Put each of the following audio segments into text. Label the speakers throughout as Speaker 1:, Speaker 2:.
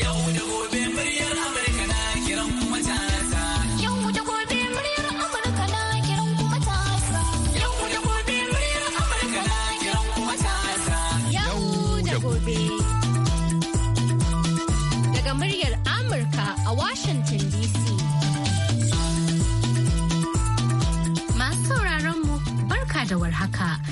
Speaker 1: Yau da gobe muryar Amurka na kiran Yau da gobe muryar Amurka na kiran Yau da gobe
Speaker 2: muryar Amurka na kiran Yau da gobe. Daga muryar Amurka a Washington DC. Masu sauraron mu barka da warhaka.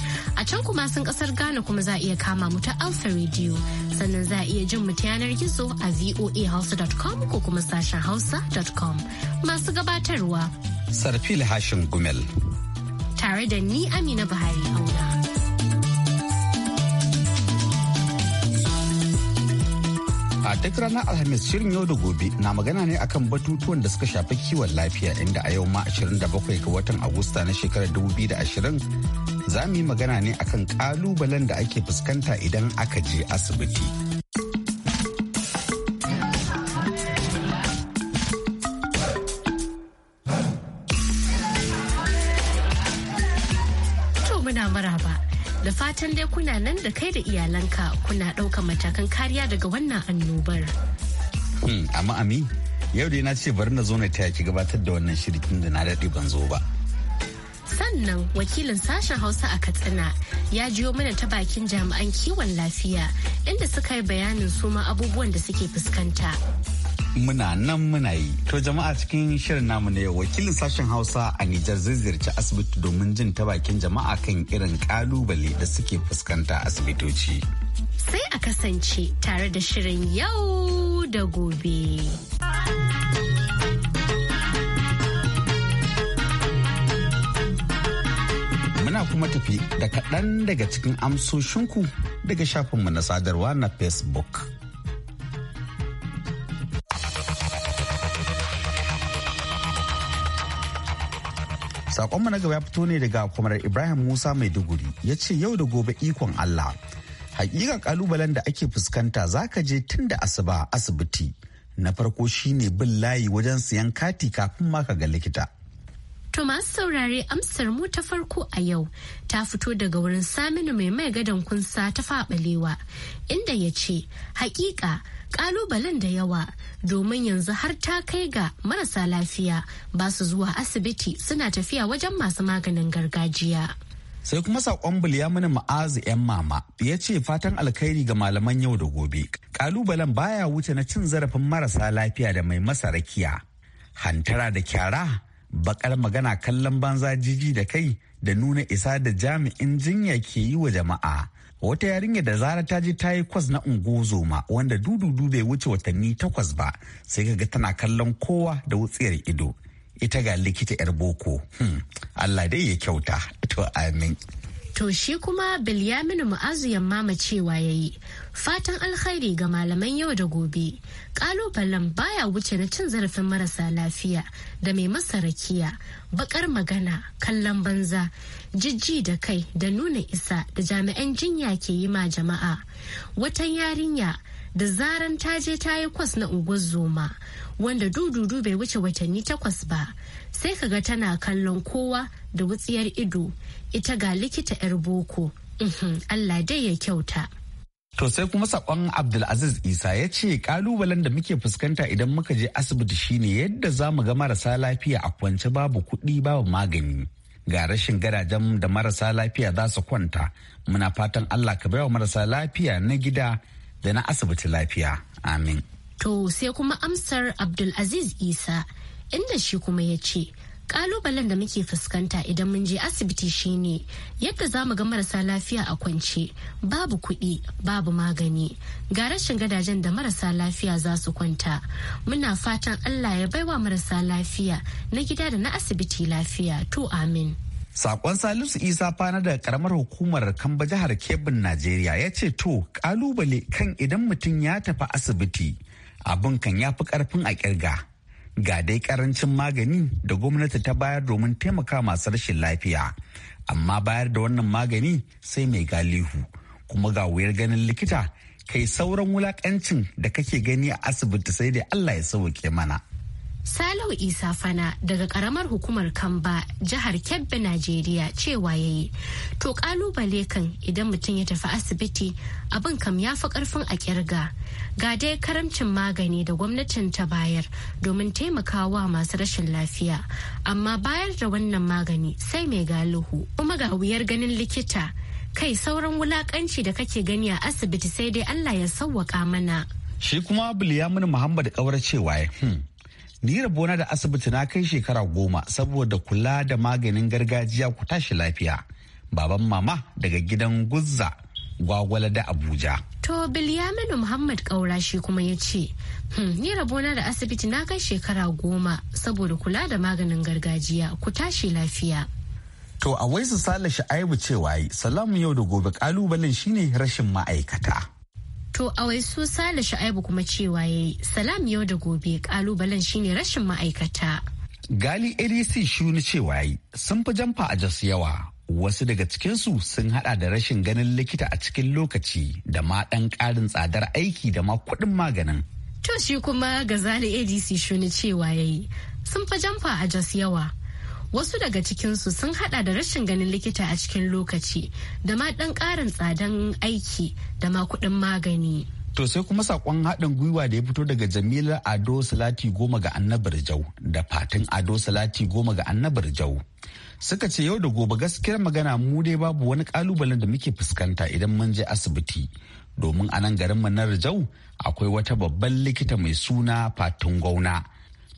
Speaker 2: A can kuma sun kasar Ghana kuma za a iya kama mu ta Alpha Radio. Sannan za a iya jin mu ta yanar gizo a voahausa.com ko kuma sashen hausa.com. Masu gabatarwa.
Speaker 3: Sarfil Hashim Gumel.
Speaker 2: Tare da ni Amina Buhari Auna.
Speaker 3: A duk ranar Alhamis shirin yau da gobe na magana ne akan batutuwan da suka shafi kiwon lafiya inda a yau ma 27 ga watan Agusta na shekarar 2020 za mu yi magana ne akan kalubalen da ake fuskanta idan aka je asibiti.
Speaker 2: muna maraba da fatan dai kuna nan da kai da iyalanka kuna ɗaukar matakan kariya daga wannan annobar.
Speaker 3: Hmm, amma ami yau dai na ce bari na zo na taya ki gabatar da wannan shirkin da na daɗe ban zo ba.
Speaker 2: sannan wakilin sashen hausa a katsina ya jiyo mana ta bakin jami'an kiwon lafiya inda suka yi bayanin suma abubuwan da suke fuskanta
Speaker 3: muna nan muna yi. To jama'a cikin shirin namu ne wakilin sashen Hausa a Nijar zai ziyarci asibiti domin jin ta bakin jama'a kan irin kalubale da suke fuskanta asibitoci.
Speaker 2: Sai a kasance tare da shirin yau da gobe.
Speaker 3: kuma tafi da kaɗan daga cikin amsoshinku daga shafinmu na sadarwa na Facebook. Sakonmu na gaba ya fito ne daga kwamar Ibrahim Musa Maiduguri ya ce yau da gobe ikon Allah. Hakika kalubalen da ake fuskanta za ka je tun da asuba asibiti. Na farko shine bin layi wajen siyan kati kafin ma ka ga likita.
Speaker 2: To masu saurare amsar mu ta farko a yau ta fito daga wurin Saminu mai mai gadon kunsa ta faɓalewa inda ya ce, "Hakika ƙalubalen da yawa domin yanzu har ta kai ga marasa lafiya ba su zuwa asibiti suna tafiya wajen masu maganin gargajiya."
Speaker 3: Sai kuma saƙon Bulyaminu Ma'azu 'yan mama ya ce fatan alkhairi ga malaman yau da gobe. ƙalubalen baya wuce na cin zarafin marasa lafiya da mai masa rakiya. Hantara da kyara bakar magana kallon banza jiji da kai da nuna isa da jami'in jinya ke yi wa jama'a wata yarinya da zara ta ji ta yi kwas na ungozoma wanda dududu bai wuce watanni takwas ba sai ga tana kallon kowa da wutsiyar ido ita ga likita yar boko hmm, allah dai ya kyauta to amin
Speaker 2: To shi kuma Bilyaminu Mu'azu yamma cewa ya yi, fatan alkhairi ga malaman yau da gobe, ƙalubalen baya wuce na cin zarafin marasa lafiya da mai masarakiya rakiya, bakar magana, kallon banza, jijji da kai da nuna isa da jami'an jinya ke yi ma jama'a. Watan yarinya da zaran ta je ta yi kwas na unguwar zoma, wanda dudu bai wuce watanni takwas ba, sai kaga tana kallon kowa da wutsiyar ido ita ga likita 'yar boko uhm, Allah dai ya kyauta.
Speaker 3: To sai kuma sakon Abdulaziz Isa ya ce kalubalen da muke fuskanta idan muka je asibiti shine yadda za mu ga marasa lafiya a kwance babu kuɗi babu magani. Ga rashin gadajen da marasa lafiya za su kwanta muna fatan Allah ka bai wa marasa lafiya na gida da na asibiti lafiya. Amin.
Speaker 2: To sai kuma amsar Abdulaziz Isa inda shi kuma ya ce kalubalen da muke fuskanta idan mun je asibiti shine yadda za mu ga marasa lafiya a kwance babu kuɗi babu magani ga rashin gadajen da marasa lafiya za su kwanta muna fatan allah ya baiwa marasa lafiya na gida da na asibiti lafiya to amin
Speaker 3: Sakon Salisu Isa fana daga karamar hukumar Kamba jihar Kebbin Najeriya ya ce to kalubale kan idan mutum ya tafi asibiti abin kan ya fi karfin a kirga ga dai karancin magani da gwamnati ta bayar domin taimaka masu rashin lafiya amma bayar da wannan magani sai mai galihu kuma ga wuyar ganin likita kai sauran wulakancin da kake gani a asibiti sai dai allah ya sauke mana
Speaker 2: Salau Isa Fana daga karamar hukumar Kamba jihar Kebbi Najeriya cewa ya yi. To kalubale kan idan mutum ya tafi asibiti abin kam ya fi karfin a kirga. Ga dai karamcin magani da gwamnatin ta bayar domin taimakawa masu rashin lafiya. Amma bayar da wannan magani sai mai galihu kuma ga wuyar ganin likita. Kai sauran wulakanci da kake gani a asibiti sai dai Allah ya sauwaka mana.
Speaker 3: Shi kuma Bilyamin Muhammad cewa hmm, ni rabona da asibiti na kai shekara goma saboda kula da maganin gargajiya ku tashi lafiya baban mama daga gidan guzza gwagwala da abuja
Speaker 2: to bilyaminu muhammad kaura shi kuma ya ce hmm, ni rabona da asibiti na kai shekara goma saboda kula da maganin gargajiya ku tashi lafiya
Speaker 3: to a waisu sale sha'abu cewa salamu yau da gobe kalubalen shine rashin ma'aikata
Speaker 2: To a su Sale Sha'aibu kuma cewa yayi salam yau da gobe kalubalen shine rashin ma'aikata.
Speaker 3: Gali ADC ni cewa yi sun fi jamfa a jasu yawa. Wasu daga cikinsu sun hada da rashin ganin likita a cikin lokaci da ma ɗan ƙarin tsadar aiki da ma kuɗin maganin.
Speaker 2: To shi kuma ga Zali ADC ni cewa yayi sun fi jamfa a jasu yawa. wasu daga cikinsu sun hada da rashin ganin likita a cikin lokaci da ma dan karin tsadan aiki da ma kudin magani
Speaker 3: To sai kuma sakon haɗin gwiwa da ya fito daga Jamilar Ado Salati Goma ga Annabar Jau da Fatin Ado Salati Goma ga Annabar Jau. Suka ce yau da gobe gaskiyar magana mu dai babu wani kalubalen da muke fuskanta idan mun je asibiti. Domin a nan garin mu na Rajau akwai wata babban likita mai suna Fatin gauna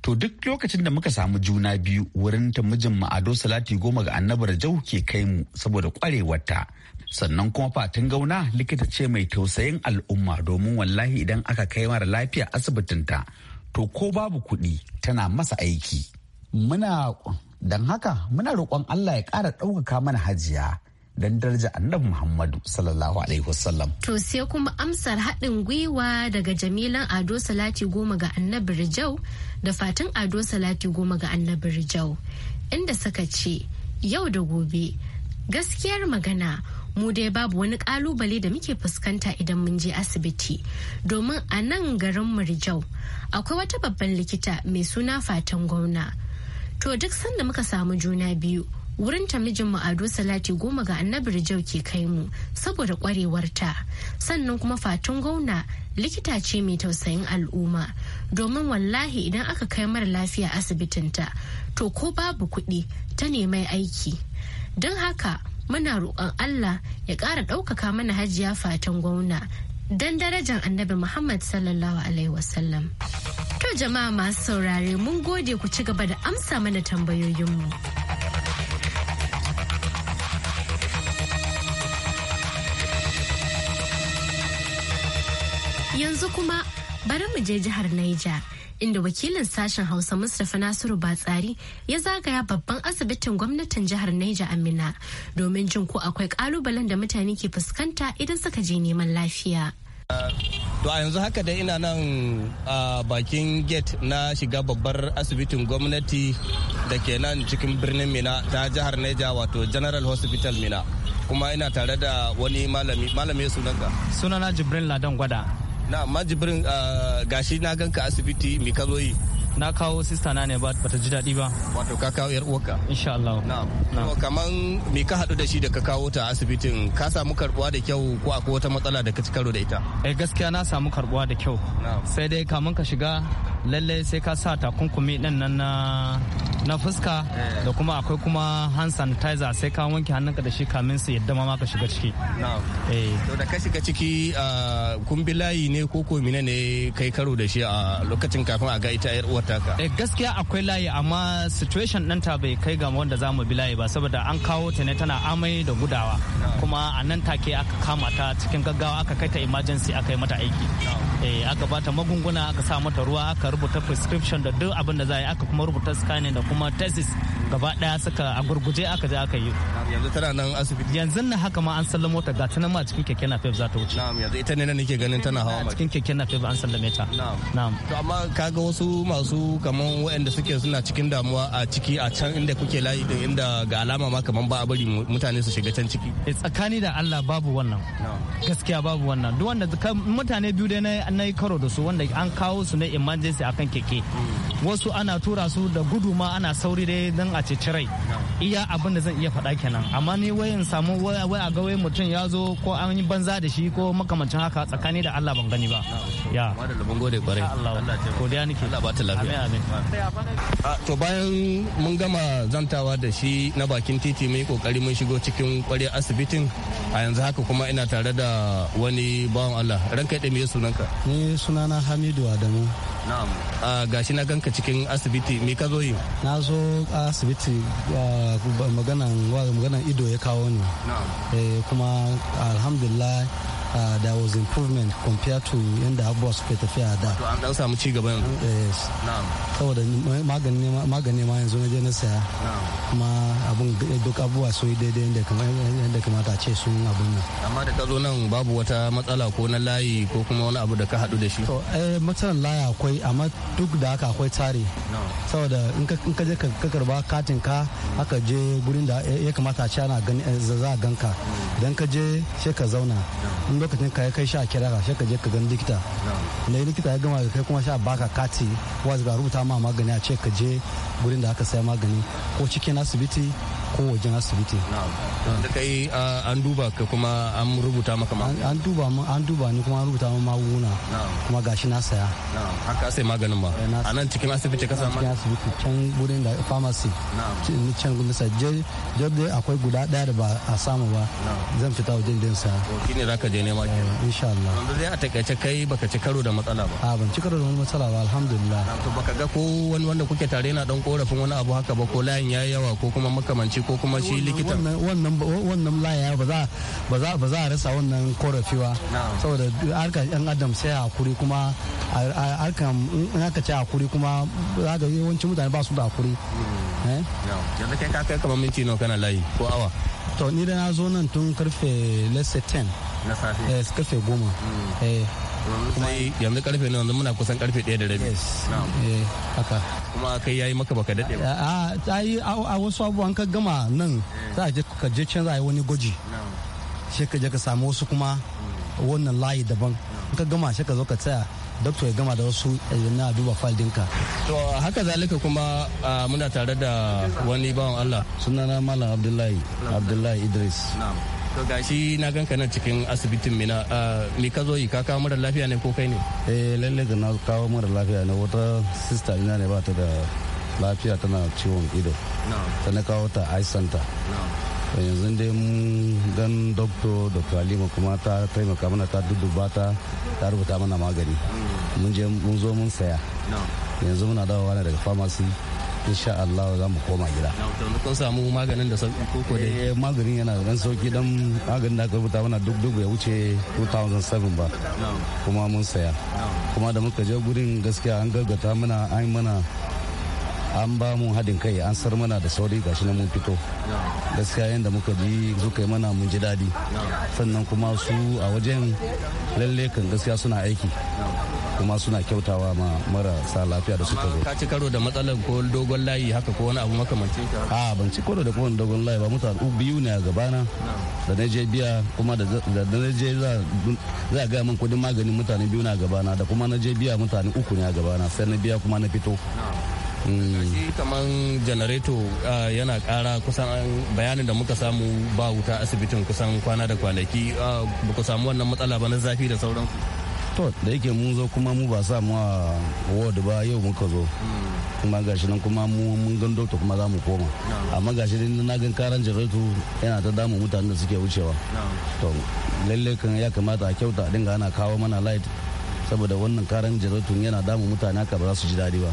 Speaker 3: To duk lokacin da muka samu juna biyu wurin ta mijin ado salati goma ga annabar jau ke kai mu saboda kwarewarta. Sannan kuma fatin gauna likita ce mai tausayin al'umma domin wallahi idan aka kai mara lafiya asibitinta to ko babu kuɗi tana masa aiki. Muna don haka muna roƙon Allah ya ƙara ɗaukaka mana hajiya. don daraja annabi Muhammadu sallallahu alaihi wasallam.
Speaker 2: To sai kuma amsar haɗin gwiwa daga jamilan Ado Salati goma ga annabi Rijau da fatan Ado Salati goma ga annabi Rijau inda suka ce yau da gobe gaskiyar magana mu dai babu wani kalubale da muke fuskanta idan mun je asibiti domin a nan garin Rijau akwai wata babban likita mai suna fatan gwamna. To duk sanda muka samu juna biyu wurin ta mijinmu ado salati goma ga annabi rijau ke kai mu saboda kwarewarta sannan kuma fatun gauna likita ce mai tausayin al'umma domin wallahi idan aka kai mara lafiya asibitinta to ko babu kuɗi ta nemai aiki don haka muna roƙon allah ya ƙara ɗaukaka mana hajiya fatan gwauna don darajar annabi muhammad sallallahu alaihi wasallam to jama'a masu saurare mun gode ku ci gaba da amsa mana tambayoyinmu. Yanzu kuma bari mu je jihar Niger. inda wakilin sashen hausa mustapha nasiru batsari ya zagaya babban asibitin gwamnatin jihar Niger amina domin jin ko akwai kalubalen da mutane ke fuskanta idan suka je neman lafiya
Speaker 4: to a yanzu haka da ina nan a bakin gate na shiga babbar asibitin gwamnati da ke nan cikin birnin mina ta jihar Niger wato general hospital mina kuma ina tare da wani malami malami sunanka
Speaker 5: sunana jibril ladan gwada
Speaker 4: na majibirin ah, gashi na ganka asibiti mi ka yi na kawo sista na ne ba ta ji daɗi ba wato ka kawo yar uwarka insha Allah na'am kaman me ka haɗu da shi da ka kawo ta asibitin ka samu karbuwa da kyau ko akwai wata matsala da ka ci karo da ita
Speaker 5: eh gaskiya na samu karbuwa da kyau sai dai kaman ka shiga lallai sai ka sa takunkumi ɗin nan na na fuska eh. da kuma akwai kuma hand sanitizer sai ka wanke hannunka da shi kamin su yadda ma ka shiga ciki
Speaker 4: eh. to da ka shiga ciki ah, kun bi layi ne ko ko mine ne kai karo da shi a lokacin kafin a ga ita yar uwar taka
Speaker 5: eh gaskiya akwai layi amma situation ɗinta bai kai ga wanda za mu bi layi ba saboda an kawo ta ne tana amai da gudawa kuma a nan take aka kama ta cikin gaggawa aka kai ta emergency aka yi mata aiki eh aka bata magunguna aka sa mata ruwa aka rubuta prescription da duk abin da za a yi aka kuma rubuta scanning da kuma tesis gaba daya suka a gurguje aka je aka yi yanzu tana nan asibiti yanzu na haka ma an sallamo ta ga tana ma cikin keke na za ta wuce na'am yanzu ita ne nake ganin tana hawa cikin keke napep an sallame ta
Speaker 4: na'am to amma kaga wasu masu kaman waɗanda suke suna cikin damuwa a ciki a can inda kuke layi din inda ga alama ma kaman ba a bari mutane su shiga can ciki eh, tsakani da Allah babu wannan
Speaker 5: gaskiya babu wannan duk wanda mutane biyu dai na yi karo da su wanda an kawo su ne emergency akan keke mm. wasu ana tura su da gudu ma ana sauri dai dan a ceci rai iya abin da zan iya faɗa kenan amma ni wayan samu wai a gawai mutum ya zo ko an yi banza da shi ko makamancin haka tsakani da Allah ban gani ba
Speaker 4: ya mun gode kwarai Allah ko da nake Allah ba ta lafiya amin to bayan mun gama zantawa da shi na bakin titi mai kokari mun shigo cikin kwarai asibitin a yanzu haka kuma ina tare da wani bawan Allah ranka da me sunanka
Speaker 6: ni sunana Hamidu
Speaker 4: Adamu Na'am. gashi na ganka cikin asibiti me ka zo yi?
Speaker 6: Na zo asibiti maganan ido ya kawo ni. Eh, kuma alhamdulillah uh, there was improvement compared to yadda abubuwa suke tafiya da
Speaker 4: an dan samu ci gaba yanzu
Speaker 6: yes saboda magani magani ma yanzu na je na saya kuma abun duk abubuwa sun yi daidai yadda kamata ce sun abun nan
Speaker 4: amma da ka zo nan babu wata matsala ko na layi ko kuma wani abu da ka hadu da shi to
Speaker 6: eh matsalan layi akwai amma duk da haka akwai tsari saboda in ka je ka karba katin ka aka je gurin da ya kamata a ce ana za a ganka mm. idan ka je sai ka zauna in lokacin ka kai sha kira ka sai ka je ka gani likita na likita ya gama kai kuma sha baka kati wa ga rubuta ma magani a ce ka je gurin da aka sai magani ko cikin asibiti ko wajen asibiti
Speaker 4: da kai an duba ka kuma an rubuta maka magani
Speaker 6: an duba an duba ni kuma an rubuta ma magunguna kuma gashi na saya
Speaker 4: haka sai maganin ma eh, a nan cikin asibiti ka samu cikin
Speaker 6: asibiti can gurin da pharmacy can gurin sa je je akwai guda daya da ba a samu ba zan fita wajen din
Speaker 4: sa shine je ne nema kenan insha Allah wanda dai a takaice kai baka ci karo da matsala ba a ban ci karo da wani matsala ba alhamdulillah to baka ga ko wani wanda kuke tare na dan korafin wani abu haka ba ko layin yayi yawa ko kuma makamanci ko kuma shi likita
Speaker 6: wannan wannan layin ba za ba za ba za a rasa wannan korafi saboda harka yan adam sai hakuri kuma harkan in aka ce hakuri kuma za ga yawancin mutane ba su da hakuri
Speaker 4: hmm. eh? yanzu kai ka kai kamar minti nawa kana layi ko awa
Speaker 6: to ni da na zo nan tun karfe lesse 10 na safe eh karfe goma hmm. eh
Speaker 4: yanzu karfe ne yanzu muna kusan karfe ɗaya da rabi eh haka kuma kai yayi maka baka daɗe ba a ah,
Speaker 6: ta ah, yi a wasu abubuwan ka gama nan eh. za je ka je can za yi wani gwaji sai ka je ka samu wasu kuma hmm. wannan layi daban ka gama sai ka zo ka tsaya doctor ya gama da wasu eh, na duba file dinka.
Speaker 4: To haka zalika kuma ah, muna tare da
Speaker 7: wani bawan Allah. Sunana Malam Abdullahi, Abdullahi Idris.
Speaker 4: to na ganka nan cikin asibitin mina ah, me ka zo yi ka kawo mara lafiya ne ko kai ne
Speaker 7: eh lalle ga na kawo mara lafiya ne wata sister ina ne ba ta da lafiya tana ciwon ido ta na kawo ta eye center yanzu dai mun gan dokto dr halima kuma ta taimaka mana ta dudu ta ta rubuta mana magani mm. mun je mun zo mun saya yanzu muna dawowa ne daga pharmacy insha Allah za mu koma gida kun samu maganin da sauki ko eh, maganin yana da dan sauki dan maganin da aka rubuta mana duk duk ya wuce 2007 ba kuma mun saya kuma da muka je gurin gaskiya an gargata mana an mana an ba mu haɗin kai an sar mana da sauri gashi na mun fito gaskiya yadda muka bi zuka yi mana mun ji daɗi sannan kuma su a wajen lalle kan gaskiya suna aiki kuma suna kyautawa ma marasa lafiya da suka zo
Speaker 4: ka ci karo da matsalar ko dogon layi haka ko wani abu makamanci ka
Speaker 7: a ban ci karo da ko wani dogon layi ba mutane biyu ne a gabana da na je biya kuma da na je za a gaya min kudin maganin mutane biyu na gabana da kuma na je biya mutane uku ne a gabana sai na biya kuma na fito shi mm.
Speaker 4: kamar janareto yana kara kusan bayanin da muka samu ba wuta asibitin kusan kwana da kwanaki ba ku samu wannan matsala ba na zafi da sauransu
Speaker 7: to da yake mun zo kuma mu ba sa mu ward ba yau muka zo kuma gashi nan kuma mu mun gan doctor kuma za mu koma amma gashi nan na gan karan jaratu yana ta damu mutanen da suke wucewa to lalle kan ya kamata a kyauta dinga ana kawo mana light saboda wannan karan jaratun yana damu mutane haka ba za su ji daɗi ba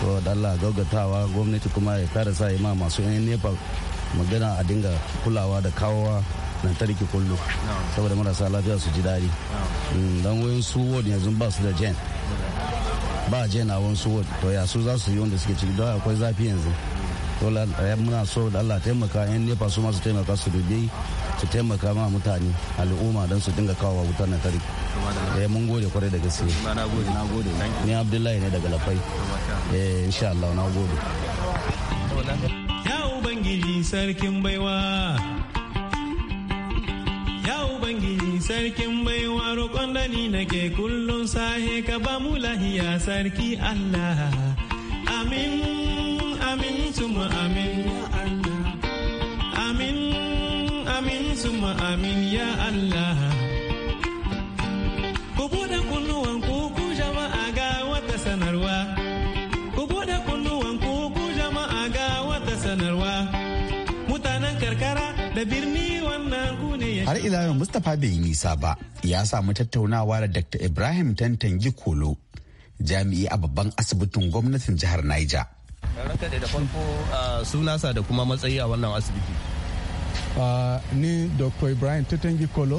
Speaker 7: so da Allah gaugatawa gwamnati kuma ya kare sa ma masu yan nepa magana a dinga kulawa da kawowa lantarki kullu saboda marasa lafiya su ji daɗi mm, don wayan su ward yanzu ba su da jen ba jen a wayan su ward to ya su za su yi wanda suke ciki don akwai zafi yanzu ya eh, muna so da Allah taimaka yan nefa su masu taimaka su dubi su taimaka ma mutane al'umma don su dinga kawo wutar lantarki da eh, mun gode kwarai da gaske ni abdullahi ne daga lafai eh, insha Allah na gode
Speaker 8: ya ubangiji sarkin baiwa Ya Ubangiji sarkin baiwa roƙon da nake kullum sahe ka ba mu lahiya sarki Allah. Amin, amin, suma amin, ya Allah. Amin, amin, suma amin, ya Allah. ila yau
Speaker 3: Mustapha bai yi nisa ba ya samu tattaunawa da Dr. Ibrahim Tantangi Kolo jami'i a babban asibitin gwamnatin jihar Niger.
Speaker 4: sunasa da kuma matsayi a wannan asibiti.
Speaker 9: Ni Dr. Ibrahim Tantangi Kolo,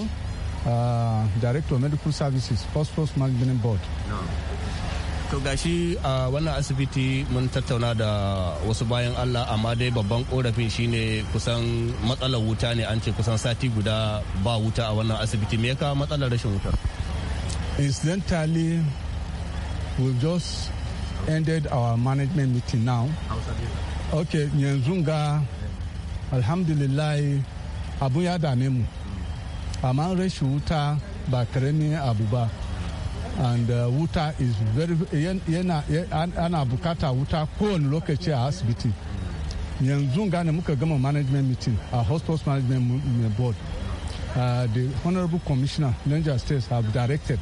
Speaker 9: Director of Medical Services, Post Post Management Board.
Speaker 4: to gashi a wannan asibiti mun tattauna da wasu bayan allah amma dai babban korafin shine kusan matsalar wuta ne an ce kusan sati guda ba wuta a wannan asibiti me ka matsalar rashin wuta
Speaker 9: incidentally we just ended our management meeting now okay yanzu ga alhamdulillah abu ya dame mu amma rashin wuta ba karamin abu ba and uh, wuta is very yana ana bukata wuta kowane lokaci a asibiti yanzu gane muka gama management meeting a hospitals management board uh, the honorable commissioner niger states have directed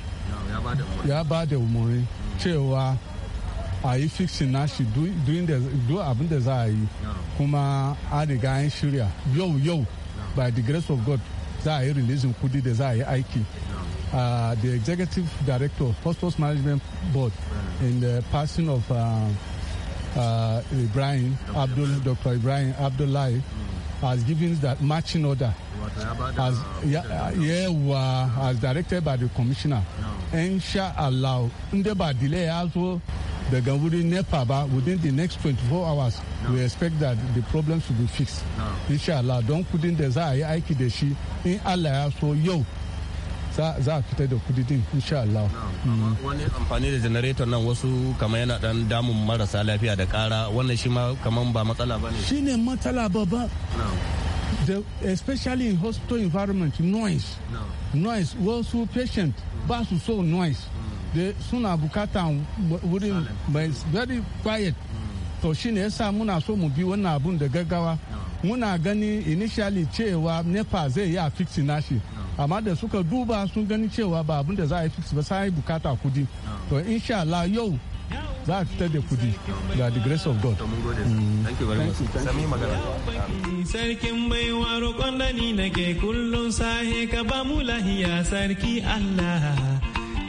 Speaker 9: ya ba da umarni cewa a yi fixing nashi duk abin da za a yi kuma an riga shirya yau yau by the grace of god za a yi releasing kudi da za a yi aiki uh, the executive director of Postpost Management Board in the passing of uh, uh, Ibrahim Abdul Dr. Ibrahim Abdullahi has given that marching order as yeah, uh, yeah, as directed by the commissioner. Insha Allah, by delay as well wurin nepa ba within the next 24 hours no. we expect that the problem should be fixed no. insha Allah don kudin da za a aiki da shi in Allah ya so yau za a fita da kudi din insha Allah.
Speaker 4: Wani amfani da generator nan wasu kamar yana dan damun marasa lafiya da kara wannan shi ma kamar ba matsala ba ne.
Speaker 9: Shi ne matsala babba. The, especially in hospital environment noise noise wasu patient ba su so noise mm. suna bukata wurin mai very quiet mm. to shi ne yasa muna so mu bi wannan abun da gaggawa muna gani initially cewa nepa zai yi a fixi nashi amma da suka duba sun gani cewa ba abin da za a yi fix ba sai bukata kudi to insha Allah yau za a fitar da kudi ga the grace of God.
Speaker 8: Mm. Sarkin baiwa roƙon da ni nake kullum sahe ka ba mu lahiya sarki Allah.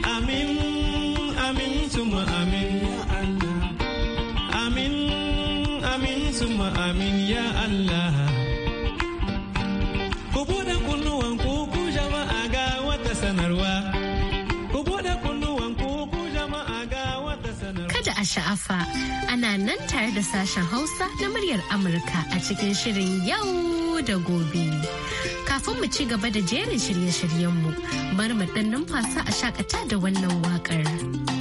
Speaker 8: Amin, amin, suma amin ya Allah. Amin, amin, suma amin ya Allah.
Speaker 2: sha'afa ana nan tare da sashen Hausa na muryar Amurka a cikin shirin yau da gobe. Kafin mu ci gaba da jerin shirye-shiryenmu, bari mu ɗan numfasa a shakata da wannan waƙar.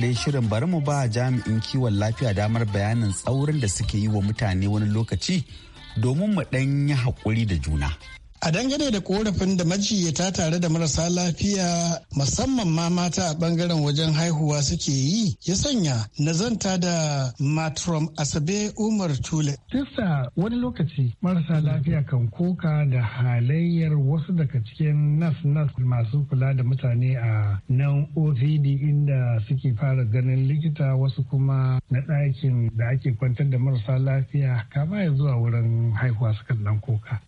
Speaker 3: karkare shirin bari mu ba jami'in kiwon lafiya damar bayanin tsaurin da suke yi wa mutane wani lokaci domin mu ɗan yi haƙuri da juna
Speaker 9: A dangane da korafin da majiyyata tare da marasa lafiya musamman ma mata a bangaren wajen haihuwa suke yi ya sanya na zanta da matrom asabe umar tule. Sista wani lokaci marasa lafiya kan koka da halayyar wasu daga cikin nas nas masu kula da mutane a nan OVD inda suke fara ganin likita wasu kuma na ɗakin da ake kwantar da marasa lafiya kama ya zuwa wurin haihuwa sukan dan koka.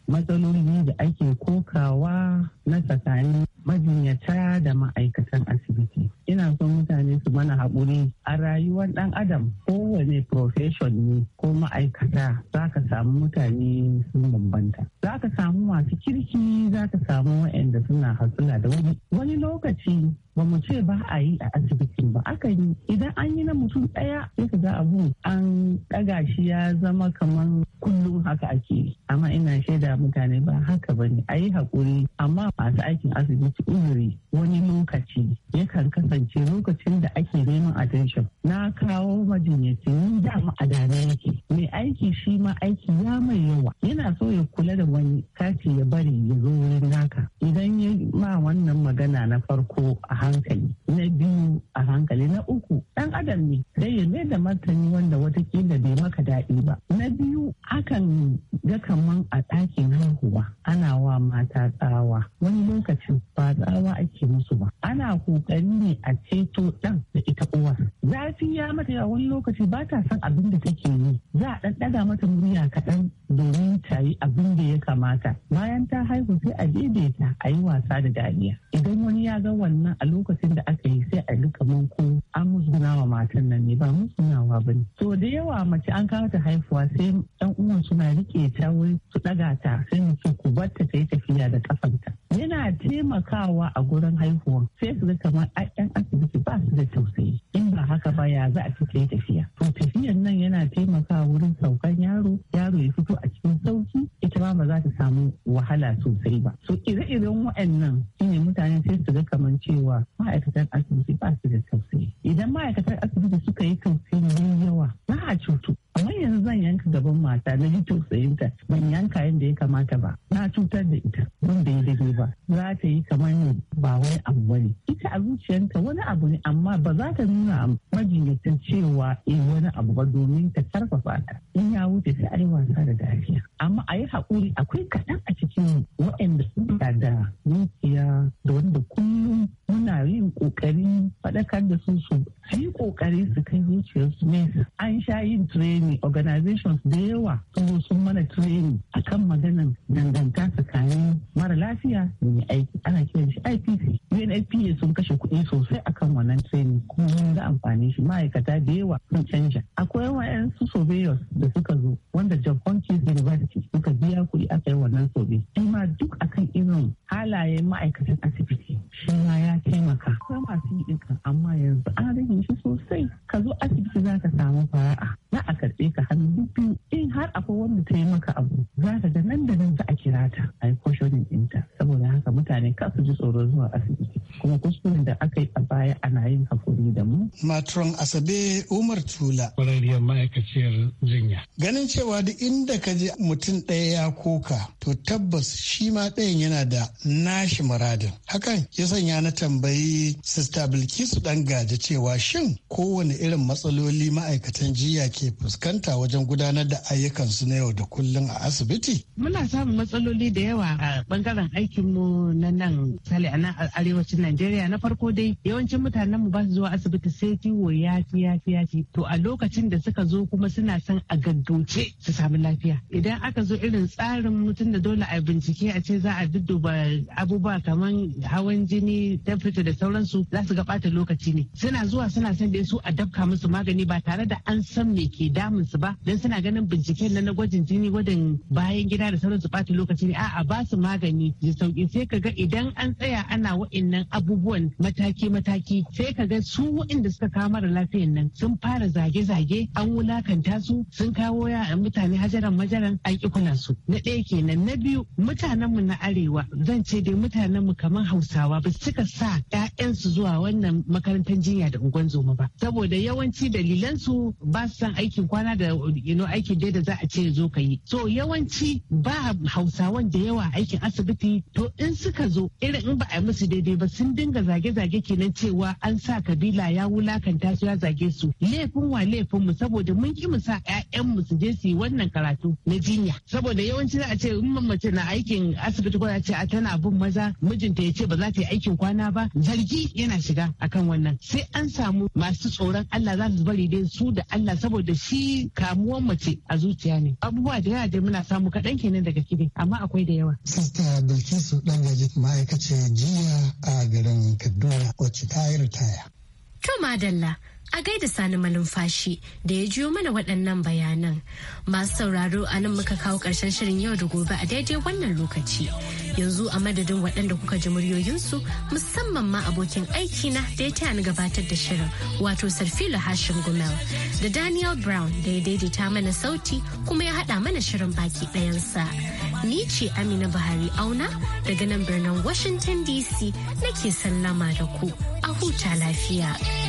Speaker 9: ake kokawa na
Speaker 10: tsakanin majinyata da ma'aikatan asibiti. Ina son mutane su mana haƙuri a rayuwar ɗan adam kowane profession ne ko ma'aikata za ka samu mutane sun bambanta. za ka samu masu kirki za ka samu waɗanda suna hasula da wani wani lokaci ba mu ce ba a yi a asibitin ba aka yi idan an yi na mutum ɗaya sai ka ga abu an ɗaga shi ya zama kamar kullum haka ake amma ina shaida mutane ba haka ba ne a yi haƙuri amma masu aikin asibiti uzuri wani lokaci yakan kasance lokacin da ake neman attention na kawo majinyaci dama a dame yake mai aiki shi ma aiki ya mai yawa yana so ya kula da wani kati ya bari ya zo wurin naka idan ya ma wannan magana na farko a hankali na biyu a hankali na uku dan adam ne sai ya mai da martani wanda watakila bai maka daɗi ba na biyu hakan ga kaman a ɗakin haihuwa ana wa mata tsawa wani lokacin ba tsawa ake musu ba ana kokari ne a ceto ɗan da ita uwar zafi ya mata yawa wani lokaci ba ta san abin da take yi za a ɗanɗana mata murya kaɗan domin ta yi abin da ya kamata bayan ta haihu sai a daidaita a yi wasa da dariya idan wani ya ga wannan a lokacin da aka yi sai a kamar ko an musguna wa matan nan ne ba musgunawa ba ne to da yawa mace an kawo ta haihuwa sai 'yan uwan suna rike ta wuri su ɗaga ta sai mutum ku bar ta yi tafiya da kafanta yana taimakawa a gurin haihuwa sai su ga kamar ɗan asibiti ba su da tausayi in ba haka ba ya za a ci ta yi tafiya to tafiyan nan yana taimakawa wurin saukan yaro yaro ya fito a cikin sauki ba ba za ta samu wahala sosai ba so ire-iren waɗannan shine mutane sai su ga kamar cewa ma'aikatan asibiti ba su da tausayi idan ma'aikatan asibiti suka yi tausayi mai yawa za a cutu amma yanzu zan yanka gaban mata na ji tausayinta ban yanka yadda ya kamata ba na cutar da ita ban da daidai ba za ta yi kamar ne ba wai abu bane ita a zuciyarta wani abu ne amma ba za ta nuna majinyatan cewa eh wani abu ba domin ta karfafa ta in ya wuce sai yi wasa da dariya amma a yi haƙuri akwai kaɗan a cikin waɗanda suka da zuciya da wanda kullum muna yin ƙoƙarin faɗakar da su su yi ƙoƙari su kai zuciyarsu ne an sha yin training organizations da yawa sun sun mana training akan maganan danganta tsakanin mara lafiya da mai aiki ana kiran shi IPC UNFPA sun kashe kuɗi sosai akan wannan training kuma mun ga amfani shi ma'aikata da yawa sun canja akwai wa'yansu surveyors da suka zo wanda John Hopkins University suka biya kuɗi aka yi wannan sobe shi ma duk akan irin halayen ma'aikatan asibiti shi ma ya taimaka ko masu yi ɗinka amma yanzu an rage shi sosai ka zo asibiti za ka samu fara'a za a karɓe ka hannu biyu in har akwai wanda taimaka yi maka abu za ka ga nan da nan za a kira ta a yi koshonin ɗinta saboda haka mutane ka su ji tsoron zuwa asibiti kuma kuskuren da aka yi a baya ana yin hakuri da mu.
Speaker 9: matron asabe umar tula. kwararriyar ma'aikaciyar jinya. ganin cewa duk inda ka je mutum ɗaya ya koka to tabbas shi ma ɗayan yana da nashi muradin hakan ya sanya na tambayi Sista Bilkisu dan gaji cewa shin kowane irin matsaloli ma'aikatan jiya ke fuskanta wajen gudanar da ayyukansu na yau da kullun a asibiti?
Speaker 11: Muna samun matsaloli da yawa a bangaren aikinmu na nan sale a arewacin Najeriya na farko dai yawancin mutanenmu ba su zuwa asibiti sai ciwo ya fi ya fi to a lokacin da suka zo kuma suna son a gaggauce su samu lafiya idan aka zo irin tsarin mutum da dole a bincike a ce za a dudduba abubuwa kamar hawan jini fita da sauransu za su ga bata lokaci ne suna zuwa suna son dai su a dafka musu magani ba tare da an san me ke damun su ba dan suna ganin binciken na gwajin jini gwajin bayan gida da sauransu bata lokaci ne a'a ba su magani da sauki sai kaga idan an tsaya ana wa'annan abubuwan mataki mataki sai kaga su wa'inda suka kawo mara lafiyan nan sun fara zage-zage an wulakanta su sun kawo ya mutane hajaran majaran an ki kula su na ɗaya kenan na biyu mutanenmu na arewa zan ce dai mutanen mu kamar hausawa ba su cika sa su zuwa wannan makarantar jinya da unguwan zoma ba saboda yawanci dalilan su ba su san aikin kwana da aikin dai da za a ce zo ka yi so yawanci ba hausawan da yawa aikin asibiti to in suka zo irin in ba a musu daidai ba sun dinga zage-zage kenan cewa an sa kabila ya wulakanta su ya zage su laifin wa laifin mu saboda mun ki mu sa mu su je su yi wannan karatu na jinya saboda yawanci za a ce in mace na aikin asibiti ko a ce tana bin maza mijinta ya ce ba za ta yi aikin kwana ba zargi yana shiga akan wannan sai an samu masu tsoron Allah za su bari dai su da Allah saboda shi kamuwan mace a zuciya ne abubuwa da yawa da muna samu kaɗan kenan daga kibe amma akwai da yawa.
Speaker 10: Sista Bilkisu ɗan gaji ma'aikaciyar jiya a garin Kaduna wacce ta yi ritaya.
Speaker 2: To Madalla a gaida sani malumfashi da ya jiyo mana waɗannan bayanan. Masu sauraro a nan muka kawo ƙarshen shirin yau da gobe a daidai wannan lokaci. Yanzu a madadin waɗanda kuka ji muryoyinsu musamman ma abokin aikina da ya taya ni gabatar da shirin wato Sarfila hashin Gumel da Daniel Brown da ya daidaita mana sauti kuma ya haɗa mana shirin baki ɗayansa. Ni ce Amina Buhari Auna daga nan birnin Washington DC nake sallama da ku a huta lafiya.